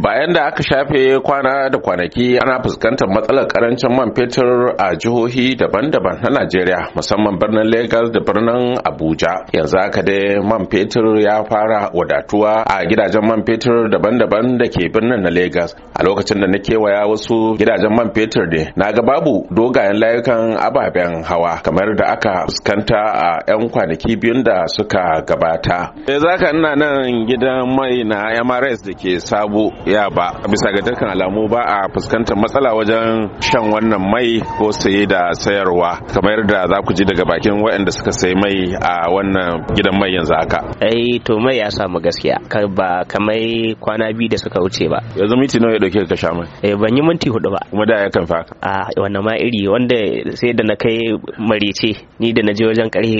bayan da aka shafe kwana da kwanaki ana fuskantar matsalar karancin man fetur a jihohi daban-daban na najeriya musamman birnin lagos da birnin abuja yanzu aka dai man fetur ya fara wadatuwa a gidajen man fetur daban-daban da ke birnin na lagos a lokacin da na kewaya wasu gidajen man fetur ne na ga babu dogayen layukan ababen hawa kamar da aka fuskanta a 'yan kwanaki biyun da suka gabata. Yanzu ina nan gidan mai na mrs da ke sabo ya ba bisa ga dukkan alamu ba a fuskantar matsala wajen shan wannan mai ko saye da sayarwa kamar da za ku ji daga bakin waɗanda suka sayi mai a wannan gidan mai yanzu haka ai to mai ya samu gaskiya ba kamar kwana biyu da suka wuce ba yanzu minti nawa ya dauke ka sha mai eh ban yi minti hudu ba kuma da ya kan fa a wannan ma iri wanda sai da na kai marice ni da na je wajen karhe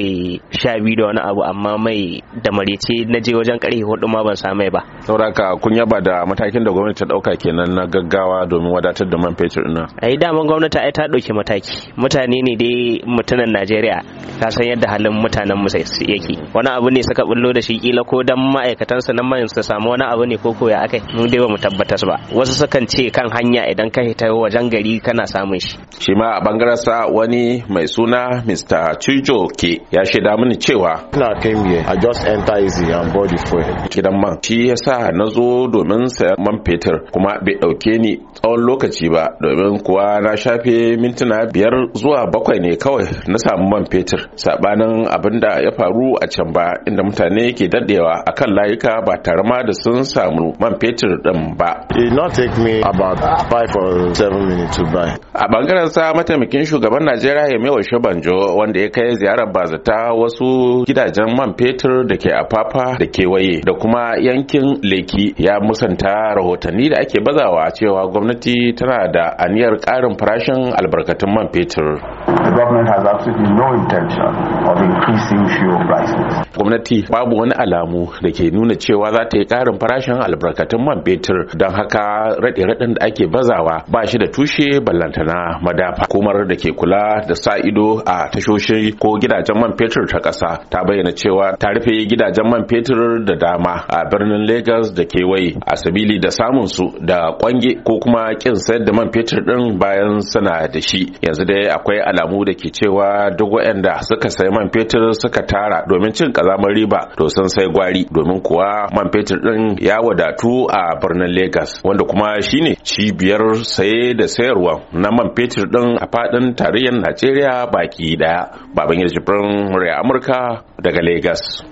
sha biyu da wani abu amma mai da marice na je wajen karhe hudu ma ban sa mai ba saboda kun yaba da matakin matakin da gwamnati ta dauka kenan na gaggawa domin wadatar da man fetur na ai daman gwamnati ai ta dauki mataki mutane ne dai mutanen Najeriya ka san yadda halin mutanen musa yake wani abu ne suka bullo da shi kila ko dan ma'aikatan su nan mai su samu wani abu ne ko koya akai mu dai mu tabbatar ba wasu sukan ce kan hanya idan ka hita wajen gari kana samun shi shi ma a bangaren sa wani mai suna Mr. Chijo ke ya shaida mini cewa na came here I just enter easy and body fuel gidan man shi yasa na zo domin sayan man fetur kuma bai dauke ni tsawon lokaci ba domin kuwa na shafe mintuna biyar zuwa bakwai ne kawai na samu man fetur sabanin abin da ya faru a can ba inda mutane ke daɗewa akan layuka ba tare ma da sun samu man fetur din ba a bangaren sa mataimakin shugaban Najeriya ya mewa Shabanjo wanda ya kai ziyarar bazata wasu gidajen man fetur da ke afafa da kewaye da kuma yankin Leki ya musanta rahotanni da ake bazawa cewa gwamnati tana da aniyar ƙarin farashin albarkatun man fetur. government has absolutely no intention of increasing fuel prices. Gwamnati babu wani alamu da ke nuna cewa za ta yi ƙarin farashin albarkatun man fetur don haka raɗe-raɗen da ake bazawa ba shi da tushe ballantana madafa. Hukumar da ke kula da sa ido a tashoshin ko gidajen man fetur ta ƙasa ta bayyana cewa ta rufe gidajen man fetur da dama a birnin Legas da kewaye a sabili da samun su da kwange ko kuma kin sayar da man fetur ɗin bayan sana da shi yanzu dai akwai alamu da ke cewa duk waɗanda suka sayi man fetur suka tara domin cin kazamar riba to sun sai gwari domin kuwa man fetur din ya wadatu a birnin Legas wanda kuma shine cibiyar saye da sayarwa na man fetur din a fadin tarayyar Najeriya baki daya Babangida yarjibin murya Amurka daga Legas